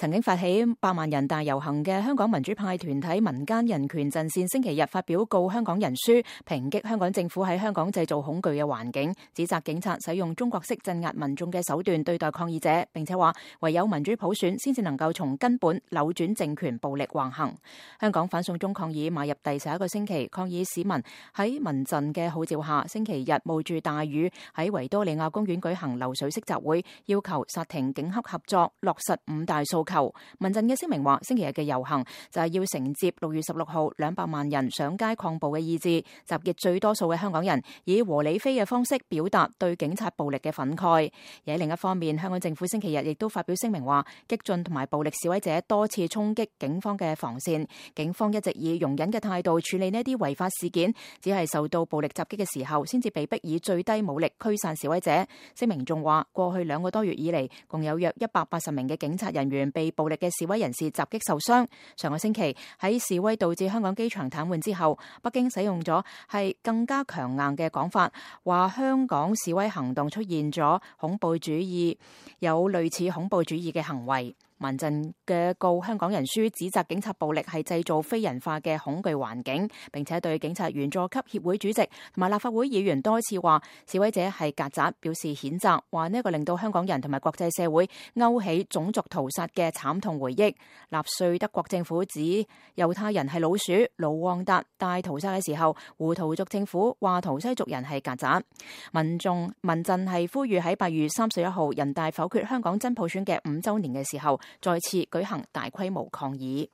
曾經發起百萬人大遊行嘅香港民主派團體民間人權陣線星期日發表告香港人書，抨擊香港政府喺香港製造恐懼嘅環境，指責警察使用中國式鎮壓民眾嘅手段對待抗議者，並且話唯有民主普選，先至能夠從根本扭轉政權暴力橫行。香港反送中抗議邁入第十一個星期，抗議市民喺民陣嘅號召下，星期日冒住大雨喺維多利亞公園舉行流水式集會，要求殺停警黑合作，落實五大訴求求。民陣嘅聲明話，星期日嘅遊行就係要承接六月十六號兩百萬人上街抗暴嘅意志，集結最多數嘅香港人，以和理非嘅方式表達對警察暴力嘅憤慨。而喺另一方面，香港政府星期日亦都發表聲明話，激進同埋暴力示威者多次衝擊警方嘅防線，警方一直以容忍嘅態度處理呢啲違法事件，只係受到暴力襲擊嘅時候，先至被逼以最低武力驅散示威者。聲明仲話，過去兩個多月以嚟，共有約一百八十名嘅警察人員被暴力嘅示威人士襲擊受傷。上個星期喺示威導致香港機場癱瘓之後，北京使用咗係更加強硬嘅講法，話香港示威行動出現咗恐怖主義，有類似恐怖主義嘅行為。民陣嘅告香港人書指責警察暴力係製造非人化嘅恐懼環境，並且對警察員佐級協會主席同埋立法會議員多次話示威者係曱甴，表示譴責，話呢個令到香港人同埋國際社會勾起種族屠殺嘅慘痛回憶。納粹德國政府指猶太人係老鼠，盧旺達大屠殺嘅時候胡圖族政府話圖西族人係曱甴。民眾民陣係呼籲喺八月三十一號人大否決香港真普選嘅五周年嘅時候。再次舉行大規模抗議。